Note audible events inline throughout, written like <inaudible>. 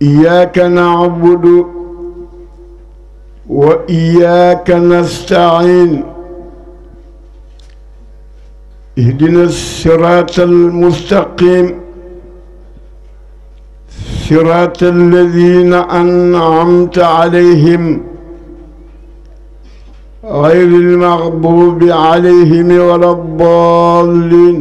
iyaaka nacbudu wa iyaaka nastaciin ihdina siraata almustaqiim siraata alladiina ancamta calayhim gayri almagduubi calayhim wala ddaalliin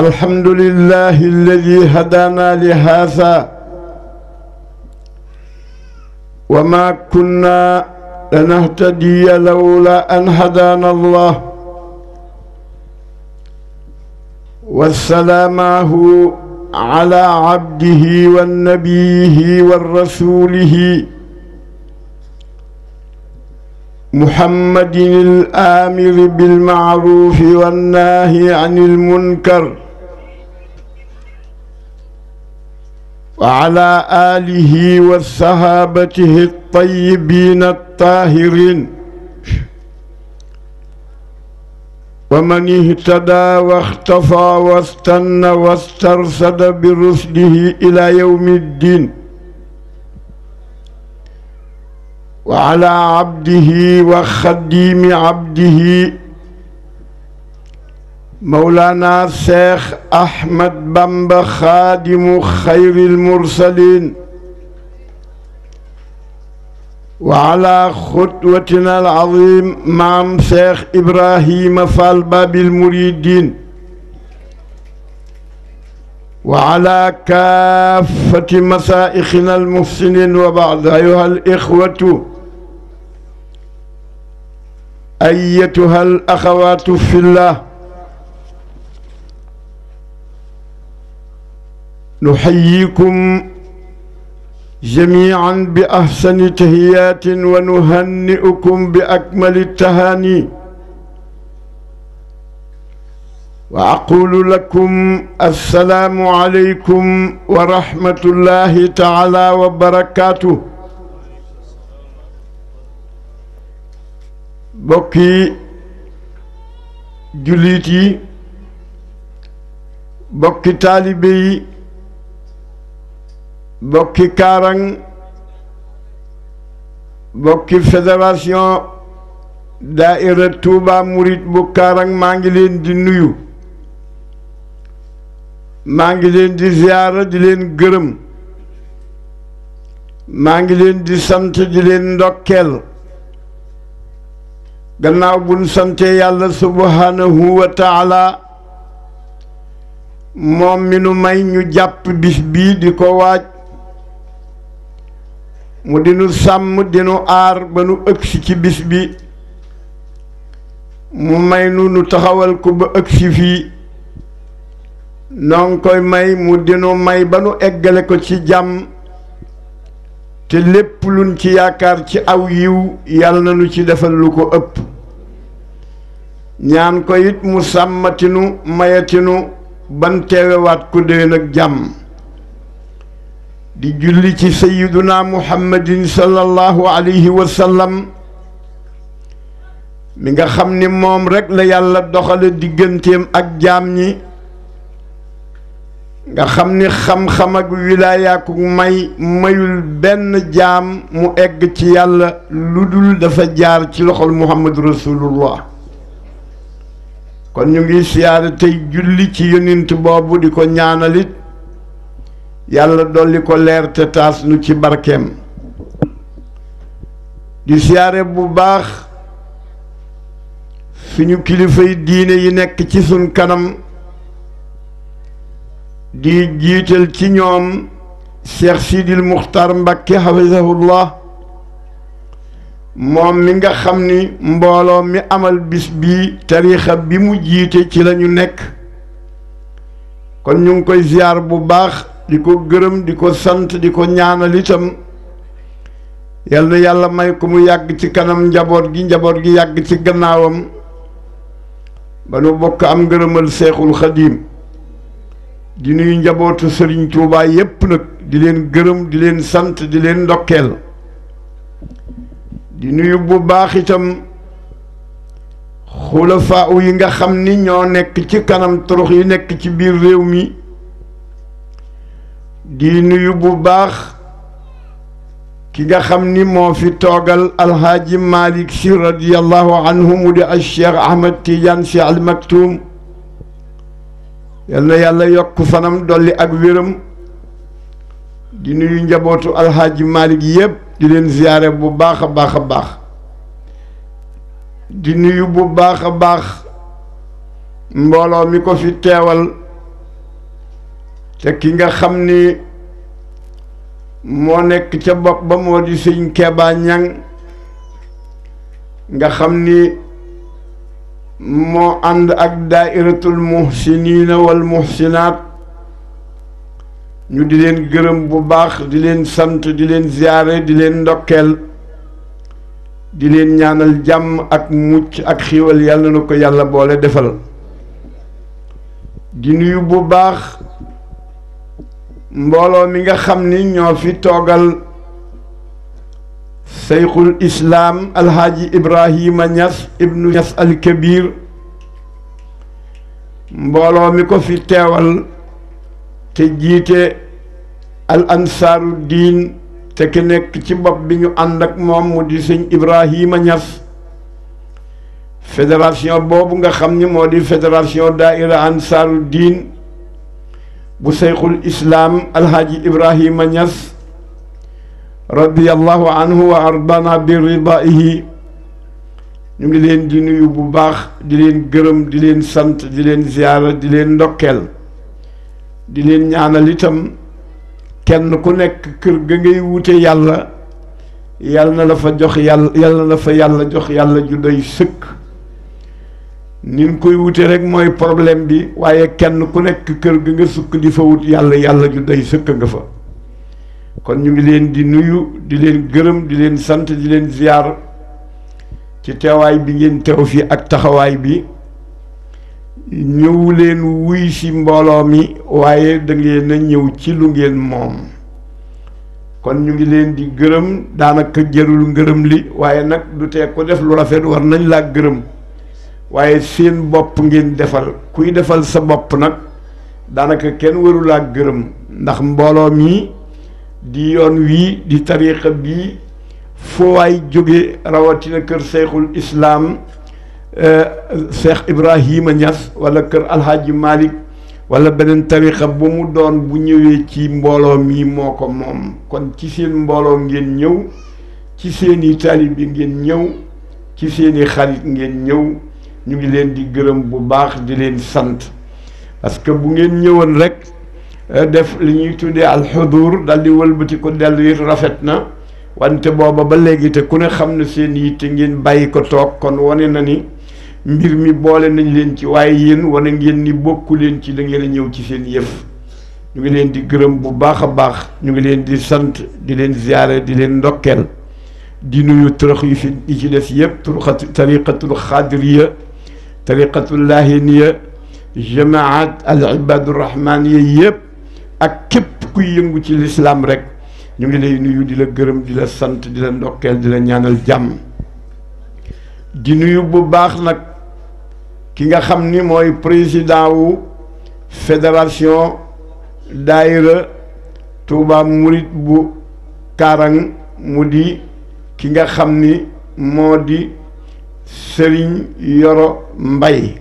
الحمد لله الذي هدانا لهذا وما كنا لنهتدي لولا أن هدانا الله والسلامه على عبده والنبيه والرسوله محمد الآمر بالمعروف والناهي عن المنكر وعلى آله وصحابته الطيبين الطاهرين ومن اهتدى واختفى واستنى واسترصد برسله إلى يوم الدين وعلى عبده وخديم عبده مولانا الشيخ أحمد بامبا خادم خير المرسلين وعلى خطوتنا العظيم مام شيخ إبراهيم فال باب المريدين وعلى كافة مسائخنا المحسنين وبعد أيها الإخوة أيتها الأخوات في الله نحييكم جميعا بأحسن تهيات ونهنئكم بأكمل التهاني وأقول لكم السلام عليكم ورحمة الله تعالى وبركاته bokki jullit yi bokki taalibe yi bokki kaarang bokki fédération daaira Touba Murit bu kaarang maa ngi leen di nuyu maa ngi leen di ziyaara di leen gërëm maa ngi leen di sant di leen ndokkeel gannaaw buñ sante yàlla subhanahu wa taala moom mi nu may ñu jàpp bis bii di ko waaj mu dinu sàmm dinu aar ba nu ëgsi ci bis bi mu may nu nu taxawal ko ba ëgsi fii noo koy may mu dinu may ba nu eggale ko ci jàmm te lépp luñ ci yaakaar ci aw yiw yàlla na nu ci defal lu ko ëpp ñaan ko mu sàmmatinu mayatinu ban teewewaat ku déwén ak jàmm di julli ci sayiduna muhammadin sallallahu alayhi wa mi nga xam ni moom rekk la yàlla doxale digganteem ak jaam ñi nga xam ni xam-xam ak wilaayaaku may mayul benn jaam mu egg ci yàlla lu dul dafa jaar ci loxol muhammad rasulullah kon ñu ngi siyaare tey julli ci yonent boobu di ko ñaanalit yàlla dolli ko leer te taas ci barkeem di siyaare bu baax suñu kilifay diine yi nekk ci suñ kanam di jiital ci ñoom Cheikh Sidil Muxtar Mbakke hafizahullah moom mi nga xam ni mbooloo mi amal bis bi tariixa bi mu jiite ci lañu nekk kon ñu ngi koy ziyaar bu baax di ko gërëm di ko sant di ko ñaanal itam yal na yàlla may ko mu yàgg ci kanam njaboot gi njaboot gi yàgg ci gannaawam ba nu bokk am ngërëmal seexul xadiim di nuyu njabootu sëriñ Tuubaa yépp nag di leen gërëm di leen sant di leen ndokkeel di nuyu bu baax itam xulafaa yi nga xam ni ñoo nekk ci kanam torox yi nekk ci biir réew mi di nuyu bu baax ki nga xam ni moo fi toogal alhaaji malik si radiallahu mu di al cheikh ahmad tidiane si al maktoum yal na yàlla yokk fanam dolli ak wéram di nuyu njabootu alxaaji Malick yépp di leen ziyaare bu baax a baax a baax di nuyu bu baax a baax mbooloo mi ko fi teewal te ki nga xam ni moo nekk ca bopp ba moo di sëñ Keba Ñang nga xam ni moo ànd ak daairatul muhsiniina wal muhsinaat ñu di leen gërëm bu baax di leen sant di leen ziyaare di leen ndokkeel di leen ñaanal jàmm ak mucc ak xiiwal yàlla na ko yàlla boole defal di nuyu bu baax mbooloo mi nga xam ni ñoo fi toogal seyxul islaam alhaaji ibrahima ñas ibnu ñas alkabir mbooloo mi ko fi teewal te jiite al ansaaru diin te ki nekk ci bopp bi ñu ànd ak moom mu di sëñ Ibrahima Niass fédération boobu nga xam ni moo di fédération daaira ansaaru diin bu seyxul islaam alhaaji Ibrahima Niass radiyallahu anhu wa ardana bi ridaihi ñu ngi leen di nuyu bu baax di leen gërëm di leen sant di leen ziyaara di leen ndokkeel di leen ñaanal itam kenn ku nekk kër ga ngay wute yàlla yàlla na la fa jox yàlla yàlla la fa yàlla jox yàlla ju doy sëkk nin koy wute rek mooy problème bi waaye kenn ku nekk kër ga nga sukk di fa wut yàlla yàlla ju doy sëkk nga fa kon ñu ngi leen di nuyu di leen gërëm di leen sant di leen ziyaar ci teewaay bi ngeen teew fii ak taxawaay bi ñëw leen wuy si mbooloo mi waaye da ngeen a ñëw ci lu ngeen moom kon ñu ngi leen di gërëm daanaka jërul ngërëm li waaye nag du tee ko def lu rafet war nañ laa gërëm waaye seen bopp ngeen defal kuy defal sa bopp nag daanaka kenn waru laa gërëm ndax mbooloo mi di yoon wii di tariixa bii foo waay jóge rawatina kër Seyxul Islaam Euh, Cheikh Ibrahima ñas wala kër alxaaji Malick wala beneen tarixa bu mu doon bu ñëwee ci mbooloo mi moo ko moom kon ci seen mbooloo ngeen ñëw ci seeni taalib bi ngeen ñëw ci seeni xarit ngeen ñëw ñu ngi leen di gërëm bu baax di leen sant parce que bu ngeen ñëwoon rek euh, def li ñuy tuddee alxudur dal di wëlbati ko dellu rafet na wante booba ba léegi te ku ne xam ne seen yitte ngeen bàyyi ko toog kon wane na ni mbir mi boole nañ leen ci waaye yéen wane ngeen ni bokku leen ci da ngeen a ñëw ci seen yëf ñu ngi leen di gërëm bu baax a baax ñu ngi leen di sant di leen ziyaare di leen ndokkeel di nuyu turax yu fi yi ci des yëpp turaxatu tariqatul xaadiriya tariqatul laahiniya jamaat al ibaadu rahmaaniya yëpp ak képp ku yëngu ci lislaam rek ñu ngi lay nuyu di la gërëm di la sant di la ndokkeel di la ñaanal jàmm di nuyu bu baax nag ki nga xam ni mooy président wu fédération daayira Touba Murit bu Karang mu di ki nga xam ni moo di Serigne Yoro Mbay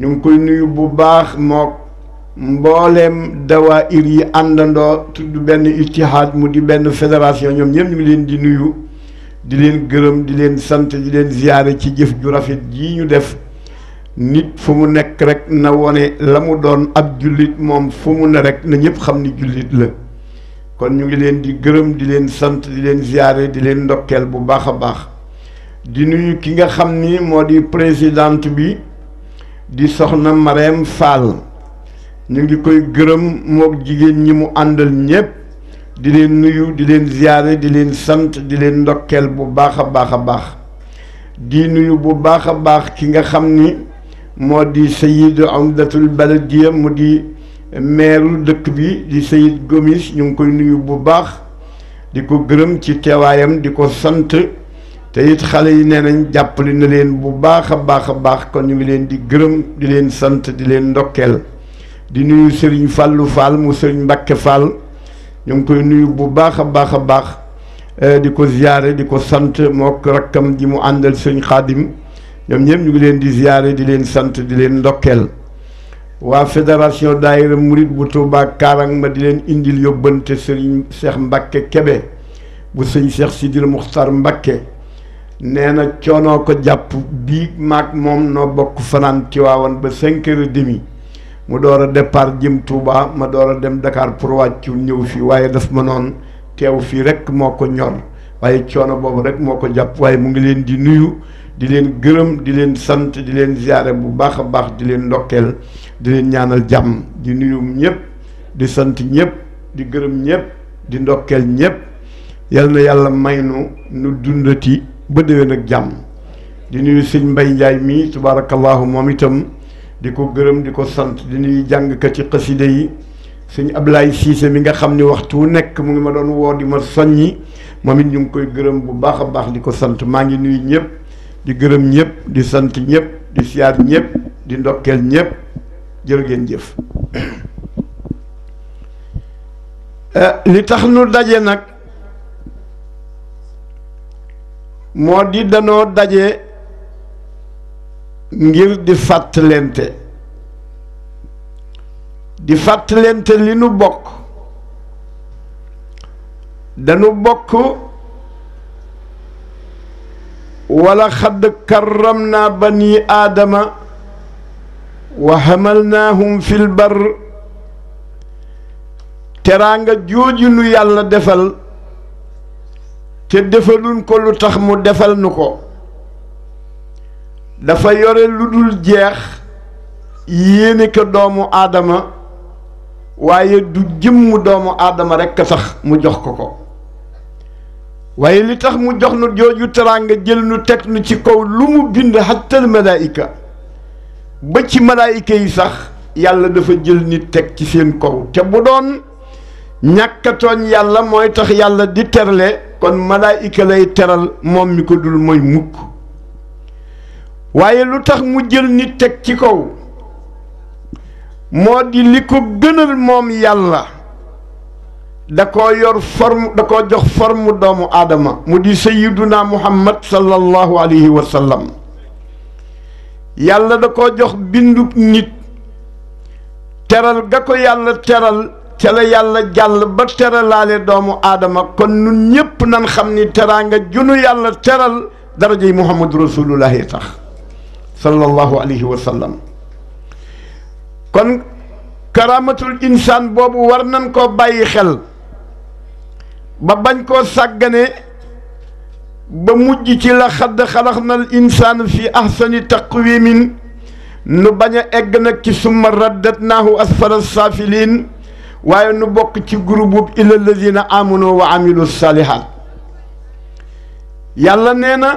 ñu ngi koy nuyu bu baax mook mbooleem dawaayir yi àndandoo tudd benn ittihaad mu di benn fédération ñoom ñëpp ñu ngi leen di nuyu di leen gërëm di leen sant di leen ziyaare ci jëf ju rafet jii ñu def nit fu mu nekk rekk na wone la mu doon ab jullit moom fu mu ne rek na ñépp xam ni jullit la kon ñu ngi leen di gërëm di leen sant di leen ziyaare di leen ndokkeel bu baax a baax di nuyu ki nga xam ni moo di présidente bi di soxna Marème Fall ñu ngi koy gërëm mook jigéen ñi mu àndal ñépp di leen nuyu di leen ziyaare di leen sant di leen ndokkeel bu baax a baax a baax di nuyu bu baax a baax ki nga xam ni moo di sayid amdatul baladiya mu di meeru dëkk bi di sayid gomis ñu ngi koy nuyu bu baax di ko gërëm ci teewaayam di ko sant te it xale yi nee nañ jàppale na leen bu baax a baax a baax kon ñu ngi leen di gërëm di leen sant di leen ndokkeel di nuyu sëriñ fàllu Fall mu sëriñ Mbàkke Fall ñu ngi koy nuyu bu baax a baax a baax eh, di ko ziyaare di ko sant moo rakkam ji mu àndal sëriñ Xaadim ñoom ñëpp ñu ngi leen di ziyaare di leen sant di leen ndokkeel waa fédération daayira murit bu Touba Kaarang ma di leen indil yóbbante sëriñ Cheikh Mbacke Kebe bu sëñ Cheikh Sidil Muxtar Mbacke nee na coonoo ko jàpp bii maag moom noo bokk fanaan Tiwaawan ba cinq heures et mu door a départ jëm Touba ma door a dem Dakar pour wàccu ñëw fii waaye daf ma noon teew fii rek moo ko ñor waaye coono boobu rek moo ko jàpp waaye mu ngi leen di nuyu di leen gërëm di leen sant di leen ziare bu baax a baax di leen ndokkeel di leen ñaanal jàmm di nuyu ñëpp di sant ñëpp di gërëm ñëpp di ndokkeel ñëpp yal na yàlla may nu nu dundati ba déwén ak jàmm di nuyu sëñ Mbay Njaay mii tabaarakallaahu moom itam di ko gërëm di ko sant di nuyu jàngkat ci xaside yi suñ ab laay Siise mi nga xam ni waxtu wu nekk mu ngi ma doon woo di ma soññi moom it ñu ngi koy gërëm bu baax a baax di ko sant maa ngi nuyu ñëpp di gërëm ñëpp di sant ñëpp di siyaar ñëpp di ndokkeel ñépp jërë ngeen jëf eh, li tax nu daje nag moo di danoo daje ngir di fàttalente di fàttalente li nu bokk danu bokk wala xadd karram naa nii aadama wa naa fil bar teraanga jooju nu yàlla defal te defalun ko lu tax mu defal nu ko dafa yore lu dul jeex yéene ko doomu aadama waaye du jëmmu doomu aadama rekk a tax mu jox ko ko waaye li tax mu jox nu jooju teraanga jël nu teg nu ci kaw lu mu bind xattal malaayika ba ci malaayika yi sax yàlla dafa jël nit teg ci seen kaw te bu doon ñàkkatooñ yàlla mooy tax yàlla di terle kon malaayika lay teral moom mi ko dul moy mukk waaye lu tax mu jël nit teg ci kaw moo di li ko gënal moom yàlla da koo yor forme da koo jox forme doomu aadama mu di sayyiduna muhammad sallallahu alayhi wa sallam yàlla da koo jox bindu nit teral ga yàlla teral ca la yàlla jàll ba teralaale doomu aadama kon nun ñépp nan xam ni teraanga junu yàlla teral daraja yi muhammadu rasulullahi tax sallallahu alayhi wa sallam kon karaamatul insaan boobu war nan koo bàyyi xel ba bañ koo sàggane ba mujj ci la xadd xalaxnal insaan fi ahsani taqwimin nu bañ a egg na ci summa raddatnaahu asfala saafiliin waaye nu bokk ci groupe illa lazina amanu wa amilu salihat yàlla nee na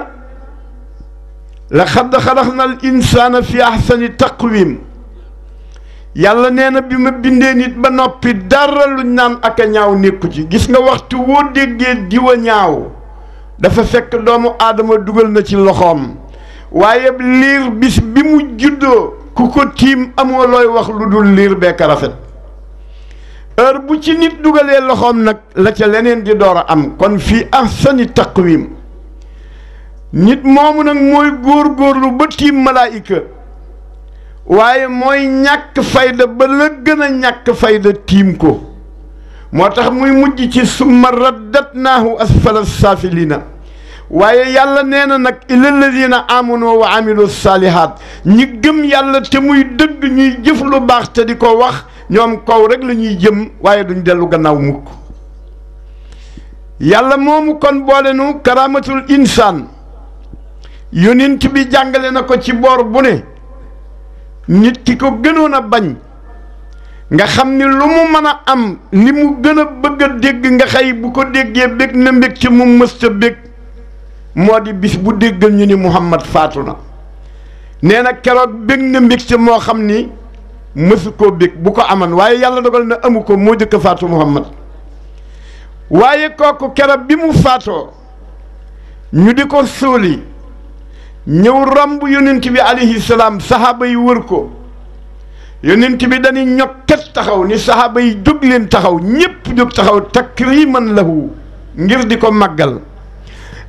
la xadd xalaxnal insaana fi ahsani taqwim yàlla nee na bi ma bindee nit ba noppi dara luñ naan ak a ñaaw nekku ci gis nga waxtu woo déggee diwa ñaaw dafa fekk doomu aadama dugal na ci loxoom waaye liir bis bi mu juddoo ku ko tiim amoo looy wax lu dul liir bekk rafet heure bu ci nit dugalee loxoom nag la ca leneen di door a am kon fii ahsani taqwim nit moomu nag mooy góor góorlu ba tiim malaayika waaye mooy ñàkk fayda ba la gën a ñàkk fayda tiim ko moo tax muy mujj ci summa raddatnaahu asfala saafilina waaye yàlla nee na nag ila alladina amanu wa amilu saalihaat ñi gëm yàlla te muy dëgg ñuy jëf lu baax te di ko wax ñoom kaw rek la ñuy jëm waaye duñ dellu gannaaw mukk yàlla moomu kon boole nu karamatul insaan yonent bi jàngale na ko ci boor bu ne nit ki ko gënoon a bañ nga xam ni lu mu mën a am li mu gën a bëgg dégg nga xëy bu ko déggee bég na mbég ci mu mës ta bég moo di bis bu déggal ñu ni Muhammad faatu na nee na keroog bég na mbég ci moo xam ni mësu koo bég bu ko aman waaye yàlla dogal na amu ko moo jëkk faatu Muhammad waaye kooku keroog bi mu faatoo ñu di ko suuli ñëw romb yonent bi alayhi salaam saxaaba yi wër ko yonent bi dañuy ñokket taxaw ni saxaaba yi jóg leen taxaw ñépp jóg taxaw takriman lahu ngir di ko màggal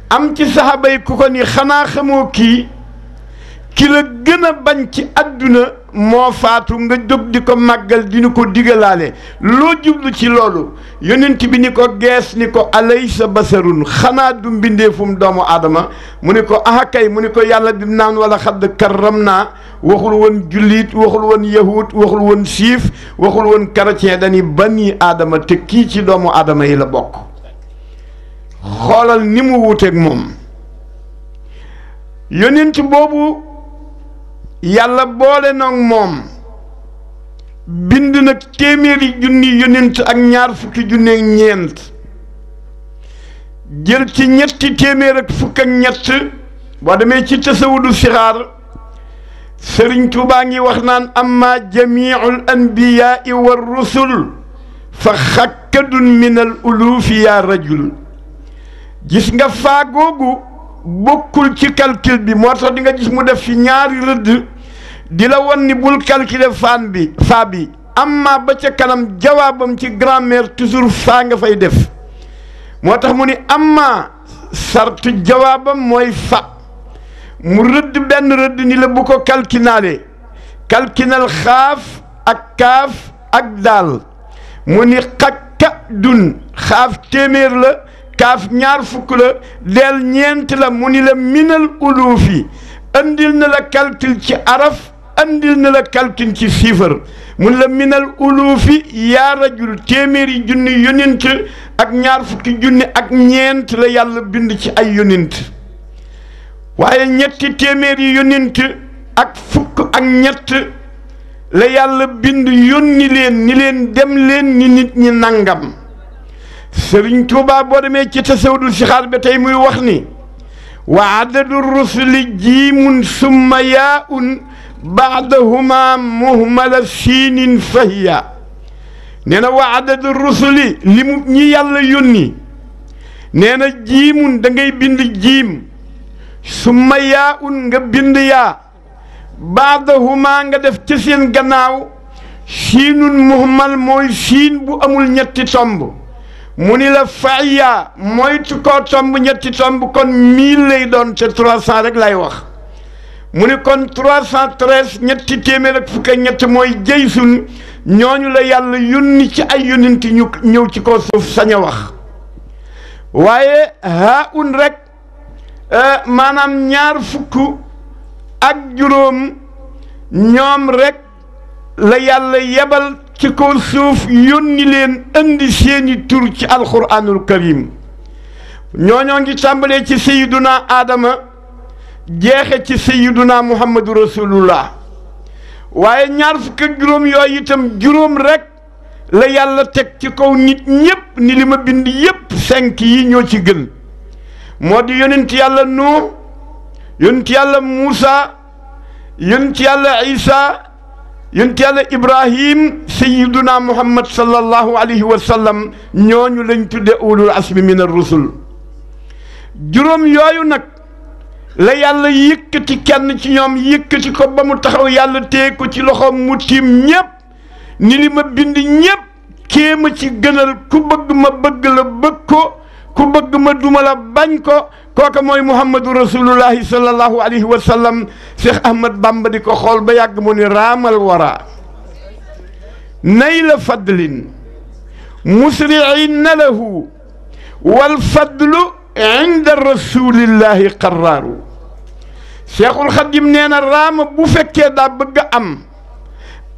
am ci saxaaba yi ku ko ni xanaa xamoo kii ki la gën a bañ ci àdduna moo faatu nga jóg di ko màggal di ñu ko digalaale loo jublu ci loolu yonent bi ni ko gees ni ko alaysa basarun xanaa du mbindeefum doomu aadama mu ni ko aha mu ni ko yàlla di naan wala xadd karram naa waxul woon jullit waxul woon yahud waxul woon siif waxul woon chrétien dañi bani aadama te kii ci doomu aadama yi la bokk xoolal ni mu wuuteeg moom yonent boobu yàlla boole nag moom bind nag téeméeri junni yonent ak ñaar fukki junni ak ñeent jël ci ñetti téeméer ak fukk ak ñett boo demee ci tasawudu sixaar sëriñ Tuubaa ngi wax naan amma jamiul anbiyaai wa rusul fa xakkadun min al ulufi yaa rajul gis nga faa bokkul ci calcul bi moo tax di nga gis mu def ci ñaari rëdd di la wan ni bul calculer faan bi faa bi amma ba ca kanam jawaabam ci grammaire toujours faa nga fay def moo tax mu ni amma sartu jawaabam mooy fa mu rëdd benn rëdd ni la bu ko calculaale calculal xaaf ak kaaf ak daal mu ni xakka dun xaaf téeméer la kaaf ñaar fukk la deel ñeent la mu ni la minal uluufi andil na la calcul ci araf andil na la calcul ci siifar mu ni la minal uluufi yaarajul téeméeri junni yonent ak ñaar fukki junni ak ñeent la yàlla bind ci ay yonent waaye ñetti téeméeri yonent ak fukk ak ñett la yàlla bind yónni leen ni leen dem leen ni nit ñi nangam sëriñ Tuuba boo demee ci tasawudul sixaar ba tey muy wax ni wa adadu rusuli jiimun summa yaa un baadahuma muhmala siinin fahiya nee na wa adadu rusuli li ñi yàlla yónni nee na jiimun da bind jiim summa yaa un nga bind yaa baadahuma nga def ci seen gannaaw siinun muhmal mooy siin bu amul ñetti tomb mu ni la fayya moytu ko tomb ñetti tomb kon mille lay doon te trois cent rek lay wax mu ni kon trois cent treize ñetti téeméer ak fukk ak ñett mooy jëy sun ñooñu la yàlla yónni ci ay yónninti ñu ñëw ci ko suuf saña wax waaye haa un rek eh, maanaam ñaar fukk ak juróom ñoom rek la yàlla yebal ci kaw suuf yónni leen indi seeni tur ci alxuraanul karim ñooñoo ngi tàmbalee ci sayiduna aadama jeexe ci sayiduna muhammadu rasulullah waaye ñaar fukk ak juróom yooyu itam juróom rekk la yàlla teg ci kaw nit ñépp ni li ma bind yépp cinq yi ñoo ci gën moo di yonent yàlla nuux yonent yàlla muusa yonent yàlla isa yonent yàlla ibrahim sayiduna muhammad sallallahu alayhi wa sallam ñooñu lañ tudde ulul asmi min ar-rusul juróom yooyu nag la yàlla yëkkati kenn ci ñoom yëkkati ko ba mu taxaw yàlla téye ko ci loxoom mu tiim ñépp ni li ma bind ñépp kee ma ci gënal ku bëgg ma bëgg la bëgg ko ku bëgg ma duma la bañ ko kooka mooy muhammadu rasulullahi sallallahu alayhi wa sallam cheikh ahmad bamba di ko xool ba yàgg mu ni raamal wara nayla fadlin musriina lahu wal fadlu inda rasulillahi qaraaru cheikhul xadim nee na raama bu fekkee daa bëgg a am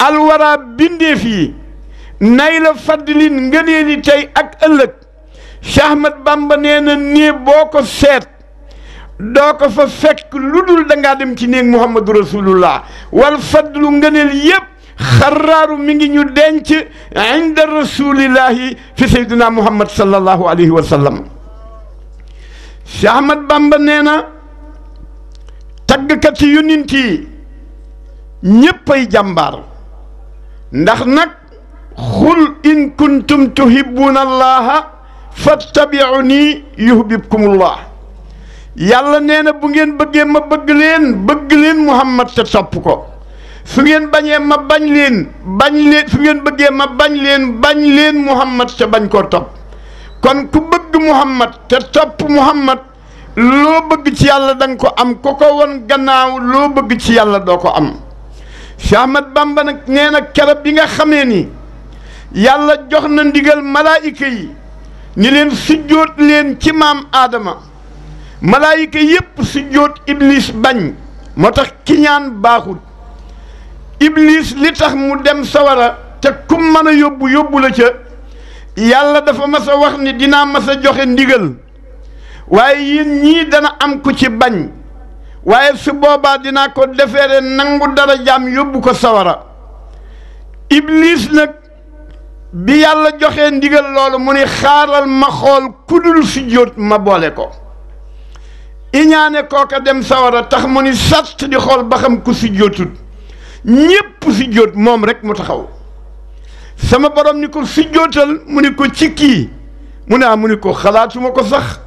alwara bindeef yi nayla fadlin ngëneeli tey ak ëllëg Cheikh Ahmad Bamba nee na nii ko seet doo ko fa fekk lu dul da dem ci néeg Muhammadu Rasulullah wal fadlu ngëneel yëpp xaraaru mi ngi ñu denc inda rasulillahi fi na taggkat yi ñéppay yi ndax nag xul in kuntum tuhibbuuna allaha nii fattabiuni yuhbibkumullah yàlla nee na bu ngeen bëggee ma bëgg leen bëgg leen muhammad te topp ko su ngeen bañee ma bañ leen bañ leen su ngeen bëggee ma bañ leen bañ leen muhammad te bañ koo topp kon ku bëgg muhammad te topp muhammad loo bëgg ci yàlla danga ko am ko ko won gannaaw loo bëgg ci yàlla doo ko am Cheikh Ahmad Bamba nag nee na kere bi nga xamee ni yàlla jox na ndigal malaayika yi ni leen sujjóot leen ci maam aadama malaayika yépp sujjóot iblis bañ moo tax kiñaan baaxul iblis li tax mu dem sawara te kum mën a yóbbu yóbbu la ca yàlla dafa mas wax ni dinaa mas a joxe ndigal waaye yéen ñii dana am ku ci bañ waaye su boobaa dinaa ko defeere nangu dara jaam yóbbu ko sawara bi yàlla joxe ndigal loolu mu ni xaaral ma xool kudul sujjóot ma boole ko iñaane kooka dem sawara tax mu ni sàtt di xool ba xam ku sujjóotut ñépp sujjóot moom rek mu taxaw sama borom ni ko sujjóotal mu ni ko ci kii mu ne ah, mu ni ko xalaatuma ko sax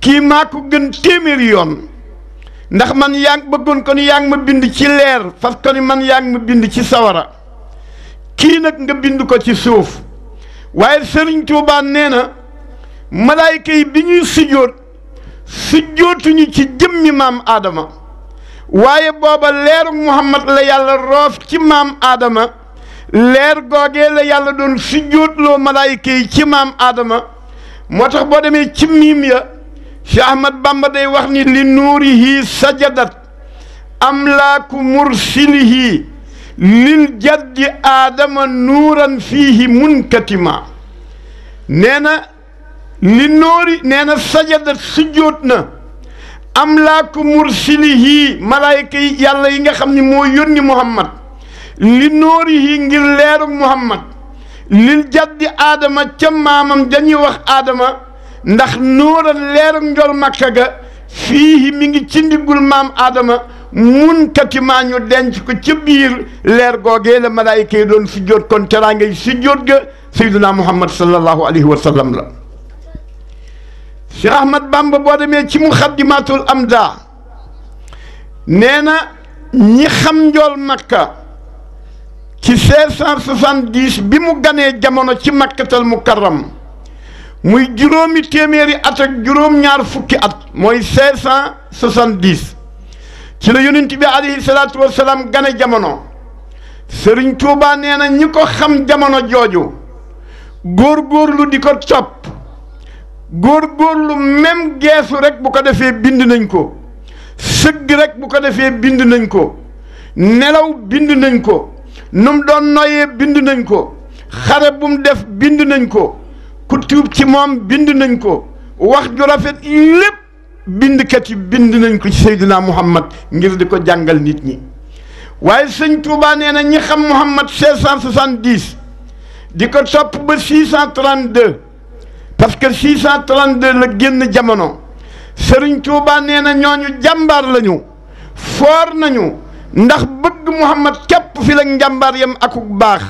kii maa ko gën téeméeri yoon ndax man yaa ngi bëggoon ko ni ma bind ci leer fas ko ni man yaa ngi ma bind ci sawara kii nag nga bind ko ci suuf waaye Serigne Touba nee na malaayka yi bi ñuy sujjóot sujjóotuñu ci jëmmi maam Adama waaye booba leer Muhammad la yàlla roof ci maam Adama leer googee la yàlla doon sujjóotloo malaayka yi ci maam aadama moo tax boo demee ci miim ya Cheikh Ahmad Bamba day wax ni li nuurihi sajadat amlaaku mursilihi lil jaddi aadama nuuran fiihi munkatima nee na li noori nee na sajada sujjoot na amlaaku mursilihi malaayka yi yàlla yi nga xam ni moo yónni muhammad li noorihi ngir leerug muhammad lil jaddi aadama ca maamam dañuy wax aadama ndax nooran leerug njol makka ga fiihi mi ngi ci ndiggul maam aadama mun katimaa ñu denc ko ca biir leer googee la malaayika doon sujjóot kon teraanga yi sujjóot ga sayduna muhammad sallallahu alayhi wa la Cheikh Ahmad Bamba boo demee ci am amda nee na ñi xam njool makka ci bi mu ganee jamono ci makkatal mukarram muy juróomi téeméeri at ak juróom-ñaar fukki at mooy ci la yonent bi alayhi salaatu wa salaam gane jamono sëriñ Tuubaa nee na ñi ko xam jamono jooju góorgóorlu di ko góor góorgóorlu même geesu rek bu ko defee bind nañ ko sëgg rek bu ko defee bind nañ ko nelaw bind nañ ko nu doon noyee bind nañ ko xare bu mu def bind nañ ko ku tuub ci moom bind nañ ko wax ju rafet lépp bindkat yi bind nañ ko ci Seydina Muhammad ngir di ko jàngal nit ñi waaye sëñ Touba nee na ñi xam Muhammad 570 di ko topp ba 632 parce que 632 la génn jamono sëriñ Touba nee na ñooñu jàmbaar lañu foor nañu ndax bëgg Muhammad képp fi la njàmbaar yam akuk baax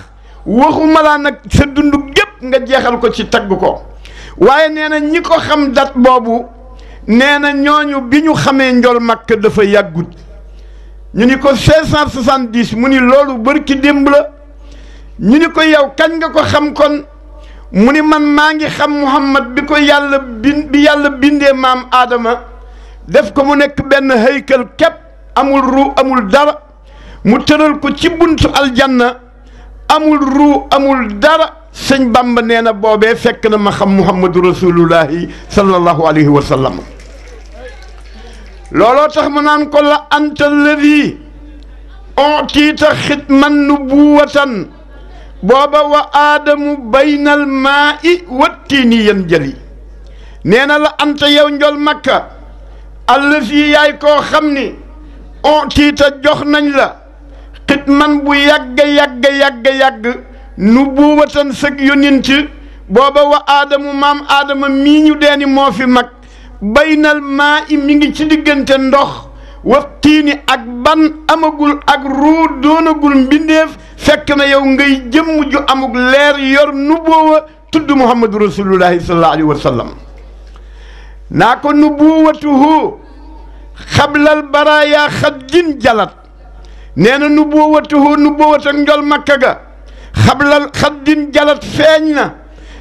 waxuma laa nag sa dund gépp nga jeexal ko ci tagg ko waaye nee na ñi ko xam dat boobu. nee na ñooñu bi ñu xamee njol màkk dafa yàggut ñu ni ko 570 mu ni loolu bërki démb la ñu ni ko yow kañ nga ko xam kon mu ni man maa ngi xam Muhammad bi ko yàlla bin bi yàlla bindee maam Aadama def ko mu nekk benn haykal képp amul ruu amul dara mu tëral ko ci bunt aljanna amul ruu amul dara sëñ Bamba nee na boobee fekk na ma xam Muhammadu rasulullahi sallallahu alayhi wa sallam looloo tax ma naan ko la anta alladi utiita xitman nubuwatan booba wa aadamu baynal maa i wattini yan jëli nee na la anta yow njol makka alladi yaay koo xam ni utiita jox nañ la xitman bu yàgga yàgga yàgga yàgg nubuwatan sëg yóninti booba wa aadamu maam aadama mii ñu deeni moo fi mag baynal maa i mi ngi ci diggante ndox waf tiini ak ban amagul ak ruu doonagul mbindeef fekk na yow ngay jëmm ju amug leer yor nu boowa tudd muhammadu rasulullahi sallallahu alayhi wa sallam naa ko nubuwatuhu xablal baraaya xat jalat nee na nubuwatuhu nubuwat ak njol makka ga xablal xat jin jalat feeñ na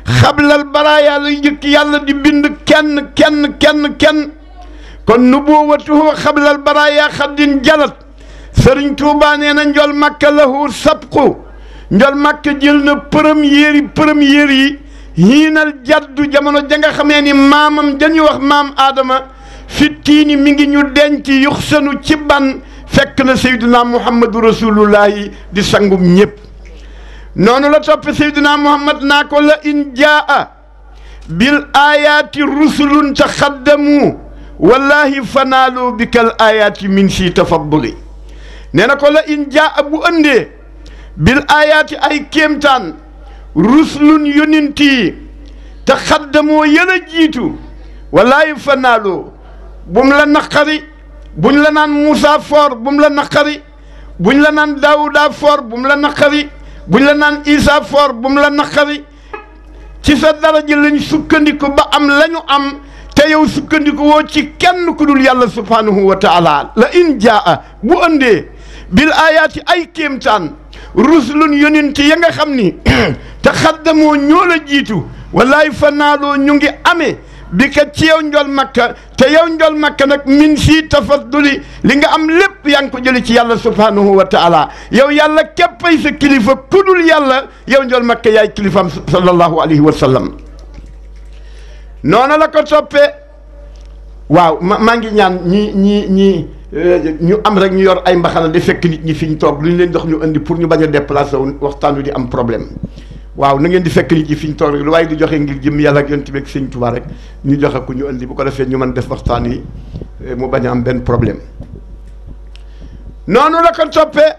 xablal balaa yàlla yàlla di bind kenn kenn kenn kenn kon nubuwatuhu xablal balaa yaa xaddin jalat sëriñ Tuubaa nee na njol màkka lahu sabqu njol màkk jël na première yi première yi hiinal jaddu jamono ja nga xamee ni maamam dañuy wax maam aadama fittiini mi ngi ñu denc yuxsanu ci ban fekk na seyduna muhammadu rasulullahi di sangum ñépp noonu la topp Seydina Muhammad naa ko la in jaa bil ayaati rusulun taxaddamu wallahi fanaalu bikal ayaati min si tafadduli nee ko la in jaa bu ëndee bil ayaati ay kéemtaan rusulun yonent yi taxaddamoo yëla jiitu wallahi fanaalu bum la naqari buñ la naan Moussa foor bum la naqari buñ la naan Daouda foor bum la naqari buñ la naan Isa for bu mu la naqari ci sa daraja lañ sukkandiku ba am lañu am te yow sukkandiku woo ci kenn ku dul yàlla subhaanahu wa taala la in jaa bu ëndee bil aayaati ay kéemtaan rusulun yonent ya nga xam ni te <clears throat> xaddamoo ñoo la jiitu wallaay fanaaloo ñu ngi amee bi kat ci yow njol makka te yow njol makka nag min sii tafadduli li nga am lépp yaa ko jëli ci yàlla subhanahu wa taala yow yàlla képpay sa kilifa kudul yàlla yow njol makka yaay kilifaam sallallahu alayhi wa sallam noona la ko toppee waaw ma maa ngi ñaan ñi ñii ñi eh, ñu am rek ñu yor ay mbaxana di fekk nit ñi fi ñu toog lu ñu leen dox ñu indi pour ñu bañ a déplacé wu waxtaan wi di am problème waaw na ngeen di fekk nit ñi fi ñu toog rek lu waaye di joxe ngir jëm yàlla ak yonent bi ak sëñ Tuubaa rek ñu joxe ku ñu indi bu ko defee ñu man def waxtaan yi eh, mu bañ am benn problème noonu la ko toppee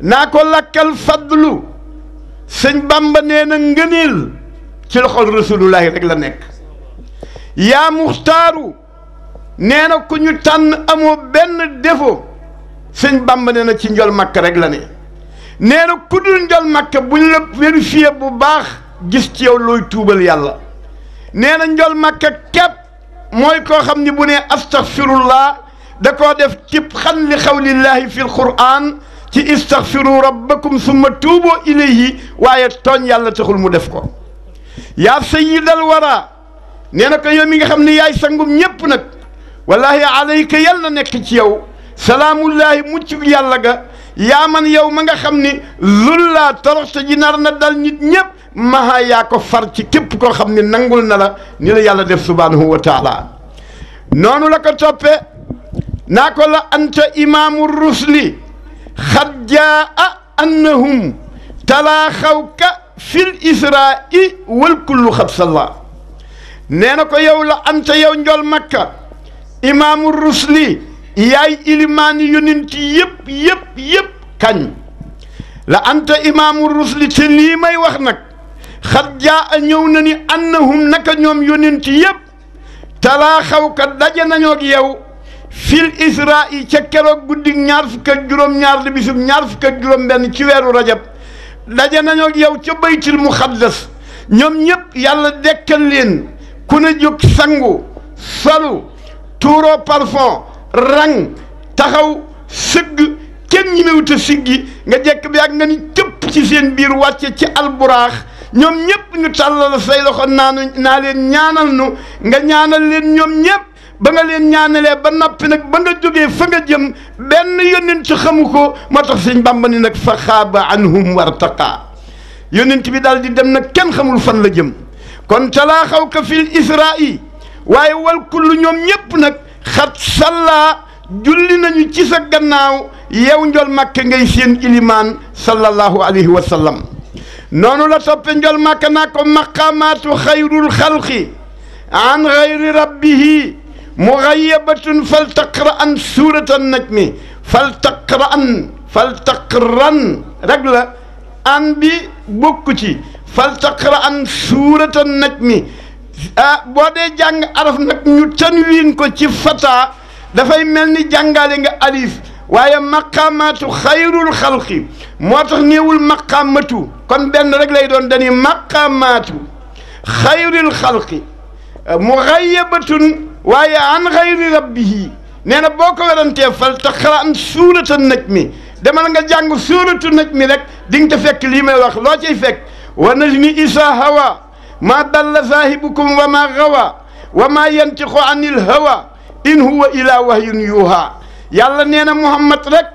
naa ko lakkal fadlu sëñ Bamba nee na ngëneel ci loxol rasulullahi rek la nekk yaa muxtaaru nee na ku ñu tànn amoo benn défaut sëñ Bamba nee na ci njol makk rek la ne nee na ku dul njol makka buñ la vérifié bu baax gis ci yow looy tuubal yàlla nee na njol makka képp mooy koo xam ni bu ne astaghfirullah da koo def cib xan li xawlillahi fi alquran ci istaghfiru rabbakum summa tuubu ilayhi waaye tooñ yàlla taxul mu def ko yaa sayyidal wara nee na ko yow mi nga xam ne yaay sangum ñépp nag wallahi alayka yàlla nekk ci yow salaamullahi mucc yàlla ga yaa man yow ma nga xam ni lullaa toroxte ji nar na dal nit ñëpp mahaa yaa ko far ci képp koo xam ne nangul na la ni la yàlla def subhaanahu wa taala noonu la ko toppee naa ko la anta imaamu rusli xad jaa annahum talaa xawka fil isra'i wal kullu xad salla nee na ko yow la anta yow njol makka imaamu rusli yaay ilimaani yonent yëpp yëpp yëpp kañ la anta imaamu rusli te lii may wax nag xat a ñëw na ni annahum naka ñoom yonent yëpp talaa xaw daje nañoo ak yow fil isra yi ca keroog guddi ñaar fukk juróom-ñaar di bisub ñaar fukk juróom-benn ci weeru rajab daje nañoo ak yow ca baytil muxaddas ñoom ñëpp yàlla dekkal leen ku ne jóg sangu salu tuuro parfum rang taxaw sëgg kenn ñi mewut a siggi nga jekk bi ak nga ni tëpp ci seen biir wàcce ci alburaax ñoom ñëpp ñu tàllal say loxo naanu naa leen ñaanal nu nga ñaanal leen ñoom ñëpp ba nga leen ñaanalee ba noppi nag ba nga jógee fa nga jëm benn yónent ci xamu ko moo tax sëñ Bàmba ni nag fa xaaba anhum wartaqa yónent bi daal di dem nag kenn xamul fan la jëm kon talaa xaw ka fil waaye wal kullu ñoom ñëpp nag xat salla julli nañu ci sa gannaaw yow njol màkk ngay seen ilimaan sallallahu alayhi wa noonu la toppe njol màkk naa ko maqaamaatu xayrul xalqi an xayri rabbihi muxayabatun faltaqra an suurata najmi faltaqra an faltaqran rek la an bi bokku ci faltaqra an suurata Ah, boo dee jàng araf nag ñu tanwiin ko ci fata dafay mel ni jàngale nga alif waaye maqaamaatu xayrul xalqi moo tax néewul maqaamatu kon benn rek lay doon dañuy maqaamaatu xayrul xalqi mu xayyabatun waaye an xayri rabbihi nee na boo ko werantee fal te xaraan suurata nag mi demal nga jàng suuratu nag mi rek di nga fekk lii may wax loo cay fekk wa najmi isa hawa maa dalla saahibukum wa maa gawa wa maa yantiqu anil hawa in huwa ila wahyun yuha yàlla nee na muhammad rek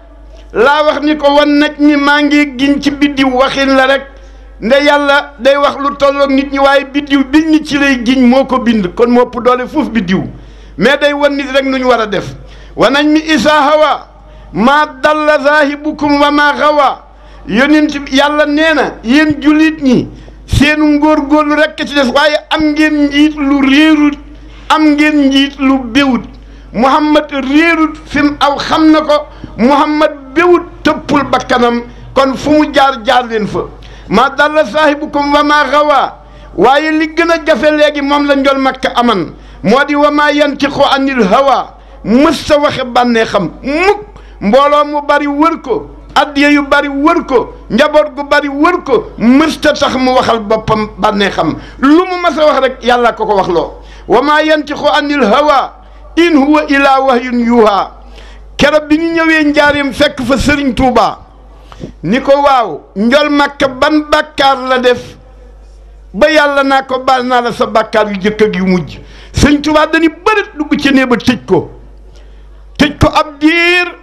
laa wax ni ko wan naj ni maa ngi giñ ci biddiw waxin la rek nde yàlla day wax lu tolloog nit ñi waaye biddiw biñ nit ci lay giñ moo ko bind kon moo ëpp doole fuuf biddiw mais day wan nit rek nu ñu war a def wa naj mi isaa hawa maa dalla saahibukum wa maa gawa yonent yàlla nee na yéen jullit ñi seenu ngóor ngóorgóorlu rekk ci des waaye am ngeen njiit lu am ngeen njiit lu béwut Muhammad réerut fi mu aw xam na ko Muhammad béwut tëppul bakkanam kon fu mu jaar jaar leen fa maa dalla saahibukum wa maa rawaa waaye li gën a jafe léegi moom la njol makka aman moo di wa maa yantiqu anil hawa mës sa waxe bànnee xam mukk mbooloo mu bari wër ko addiya yu bari wër ko njaboot gu bari wër ko mësta tax mu waxal boppam bànnee xam lu mu mas a wax rek yàlla ko ko wax loo wa maa yantiqu anil hawa in huwa ila wahyun yuha keroog bi ñu ñëwee njaareem fekk fa sëriñ Touba ni ko waaw njol màkka ban bàkkaar la def ba yàlla naa ko baal naa la sa bàkkaar yu jëkk yu mujj sëriñ Touba dañu bërit dugg ci néeg ba tëj ko tëj ko ab diir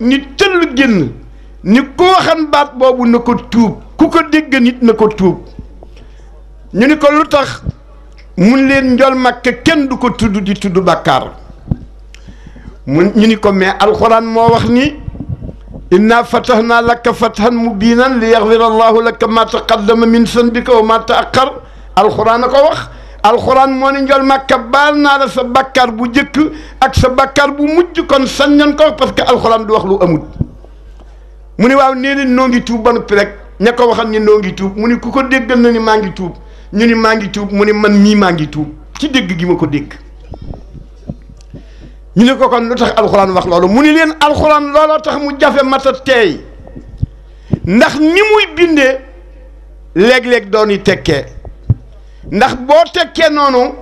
ni tëll génn ni ko waxan baat boobu na ko tuub ku ko dégg nit na ko tuub ñu ni ko lu tax mun leen njol makka kenn du ko tudd di tudd bàkkaar mu ñu ni ko mais alxuraan moo wax ni inna fatahna laka fathan mubinan li yaxfir allahu laka ma taqaddama min sanbika wa ma taaqar alxuraan a ko wax alxuraan moo ne njol màkka baal naa la sa bàkkaar bu jëkk ak sa bàkkaar bu mujj kon sañ nañ ko parce que alxuraan du wax lu amut mu ne waaw nee leen noo ngi tuub ba noppi rek ña ko waxal ni noo ngi tuub mu ne ku ko déggal na ni maa ngi tuub ñu ni maa ngi tuub mu ne man mii maa ngi tuub ci dégg gi ma ko dégg ñu ne ko kon lu tax alxuraan wax loolu mu ni leen alxuraan looloo tax mu jafe mata teey ndax ni muy bindee léeg-léeg dooni tekkee ndax boo tekkee noonu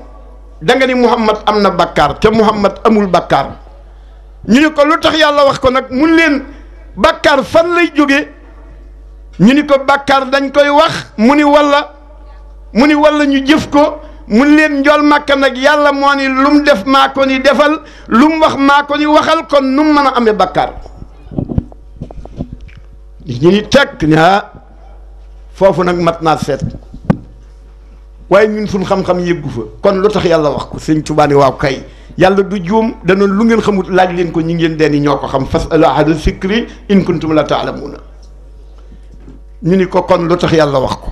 da nga ni muhammad am na bakkaar te muhammad amul bakkaar ñu ne ko lu tax yàlla wax ko nag mun leen bàkkaar fan lay jóge ñu ni ko bàkkaar dañ koy wax mu ni walla mu ni walla ñu jëf ko mu leen njool màkka nag yàlla moo ni lu mu def maa ko ni defal lu wax maa ko ni waxal kon nu mën a amee bàkkaar ñu ni tekk ni ah, foofu nag mat naa seet waaye ñun suñ xam-xam yëggu fa kon lu tax yàlla wax ko sëñ Tuubaa waaw kay yàlla du juum danoon lu ngeen xamut laaj leen ko ñi ngeen deen ñoo ko xam fas ala ahla sikri in kuntum la taalamuuna ñu ni ko kon lu tax yàlla wax ko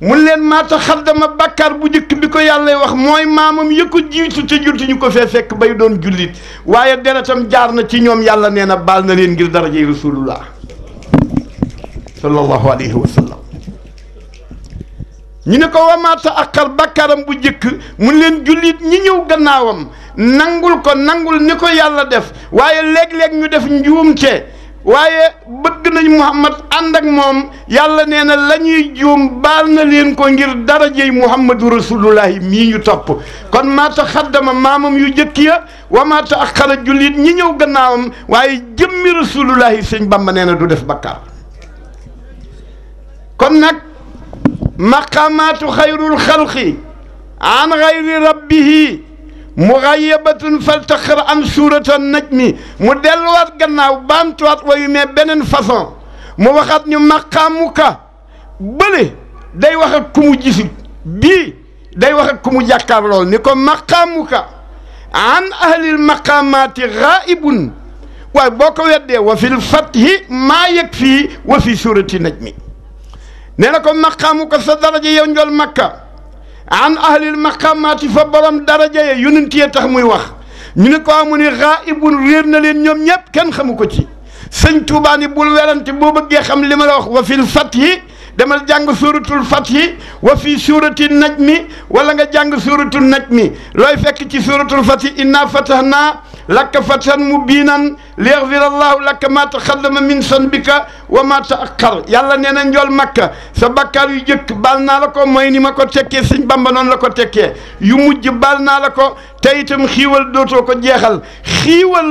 mun leen maa tax xaddama bàkkaar bu njëkk bi ko yàllay wax mooy maamam yëg ko jiitu te julti ñu ko fee fekk bay doon jullit waaye deretam jaar na ci ñoom yàlla nee na baal na leen ngir darajey rasulullah sallallahu alayhi wa ñu ne ko wamaata akal bàkkaaram bu jëkk mu leen jullit ñi ñëw gannaawam nangul ko nangul ni ko yàlla def waaye léeg-léeg ñu def njuumte waaye bëgg nañ Muhammad ànd ak moom yàlla nee na lañuy ñuy juum baal na leen ko ngir dara darajey Muhammadu rasulullahi mii ñu topp kon maata xaddama maamam yu jëkk ya wa ak axara jullit ñi ñëw gannaawam waaye jëmmi rasulullahi sëñ Bamba nee na du def bakkaar kon nag maqaamaatu xayrul xalqi an xayri rabbihi muxayabatun faltaqar an suurata najmi mu delluwaat gannaaw baamtuwaat wayu mais beneen façon mu waxaat ñu maqaamuka bële day wax ku mu gisul bii day wax ak ku mu jàkkaar lool ni ko maqaamuka an ahlil maqaamaati gaaibun waaye boo ko weddee wa fil fathi maa yëg fii wa fi suurati najmi nee na ko maqaamu ko sa daraja yow njol makka an ahlil maqaamaati fa borom daraja ya yonent ya tax muy wax ñu ne ko amu ni xaaibun réer na leen ñoom ñëpp kenn xamu ko ci sëñ Tuubaa ni bul werante boo bëggee xam li ma la wax wa fil fathi demal jàng suuratul fathi wa fii suurati mi wala nga jàng suuratul mi looy fekk ci suuratul fathi mu fatahna lakka fathan mubiinan liyaghfira allahu lakka ma taqaddama min sanbika wa mat ma taaxar yàlla nee na njool makka sa bakkaar yu jëkk bal naa la ko mooy ni ma ko tekkee sëñ bamba noonu la ko tekkee yu mujj baal naa la ko te itam xiiwal dootoo ko jeexal xiiwal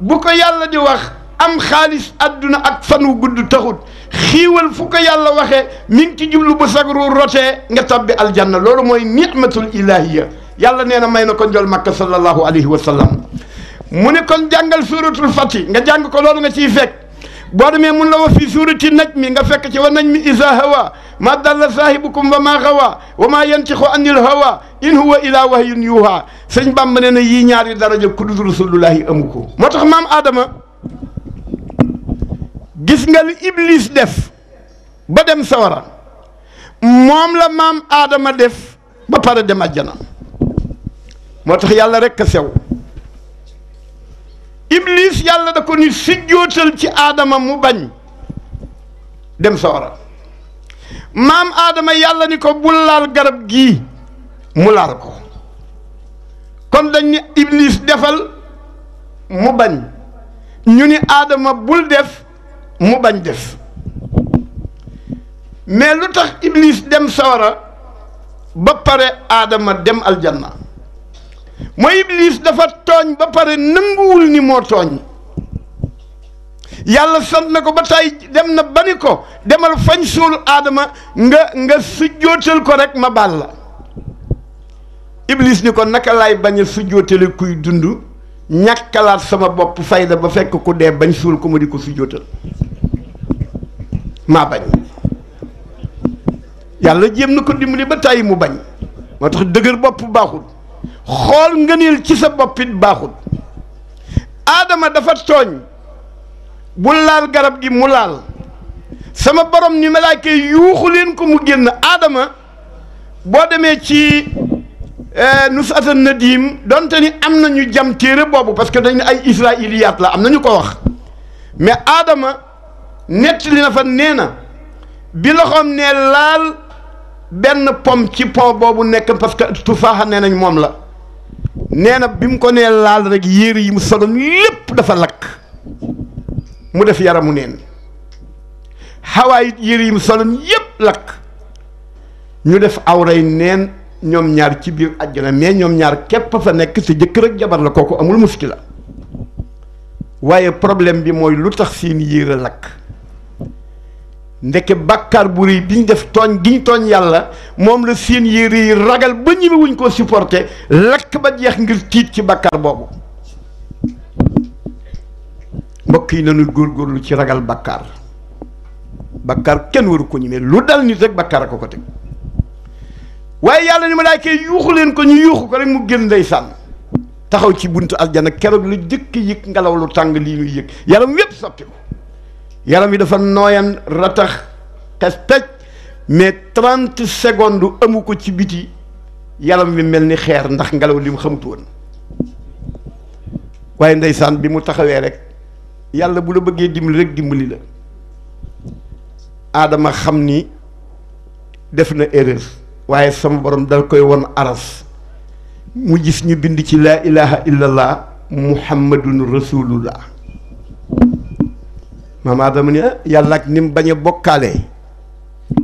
bu ko yàlla di wax am xaalis adduna ak fan wu gudd taxut xiiwal fu yàlla waxee mi ngi ci jublu bu sagru rotee nga tabbi aljanna loolu mooy nicmatul ilahiya yàlla nee na may na ko njol makka sallallahu alayhi wa sallam mu ne kon jàngal suratul fati nga jàng ko loolu nga ciy fekk boo demee mun la wa fii surati najmi nga fekk ci wa najmi iza hawa ma dalla saahibukum wa ma gawa wa ma yantixu anil hawa in huwa ila wahyun yuha sëñ Bàmba nee na yii ñaari daraja ku dul rasulullahi amu ko gis nga lu iblis def ba dem sawara moom la maam aadama def ba pare dem àjjana moo tax yàlla rekk a sew iblis yàlla da ko ni sujjootal ci aadama mu bañ dem sawara maam aadama yàlla ni ko bul laal garab gii mu laal ko kon dañ ni iblis defal mu bañ ñu ni aadama bul def mu bañ def mais lu tax iblis dem sawara ba pare aadama dem aljanna mooy iblis dafa tooñ ba pare nanguwul ni moo tooñ yàlla sant na ko ba tey dem na bani ko demal fañ suul aadama nga nga sujjootal ko rek ma baal la iblis ni ko naka lay bañ a sujjootale kuy dund ñàkkalaat sama bopp fayda ba fekk ku dee bañ suul ko mu di ko sujjootal maa bañ yàlla jéem na ko dimbali ba tàyyi mu bañ moo tax dëgër bopp baaxul xool ngëneel ci sa boppit baaxul aadama dafa tooñ bu laal garab gi mu laal sama borom ni malaaka yi yuuxu leen ko mu génn aadama boo demee ci eh, nus atan nadim donte ni am nañu jam téere boobu parce que dañ ne ay israiliyaat la am nañu ko wax mais aadama nett li na fa nee na bi loxoom ne laal benn pom ci pom boobu nekk parce que tufaaxa nee nañ moom la nee na bi mu ko nee laal rek yére yi mu soloon lépp dafa lakk mu def yaramu neen xawaay yére yi mu soloon yépp lakk ñu def awray neen ñoom ñaar ci biir àjjana mais ñoom ñaar képp fa nekk si jëkkër ak jabar la kooku amul muskila waaye problème bi mooy lu tax seen yére lakk ndekke bàkkaar bu rëy bi ñu def tooñ gi ñu tooñ yàlla moom la seen yére ragal ba ñeme koo ko supporté ba jeex ngir tiit ci bàkkaar boobu mbokk yi nañu góorgóorlu ci ragal bàkkaar bàkkaar kenn waru ko ñemee lu dal nit rek bàkkaar a ko teg waaye yàlla ni malaaka yi yuuxu leen ko ñu yuuxu ko rek mu génn ndeysaan taxaw ci buntu aljana keroog la jëkk yëg ngelaw lu tàng lii muy yëg yaram wépp sotti ko yaram yi dafa nooyan ratax xes pej mais trente secondes amu ko ci biti yaram wi mel ni xeer ndax ngelaw li mu xamutu woon waaye ndeysaan bi mu taxawee rek yàlla bu la bëggee dimbali rek dimbali la aadama xam ni def na erreur waaye sama borom dal koy won aras mu gis ñu bind ci laa ilaha illallah muhammadun rasulullah maam Adama ni yàlla ak ni mu bañ bokkaale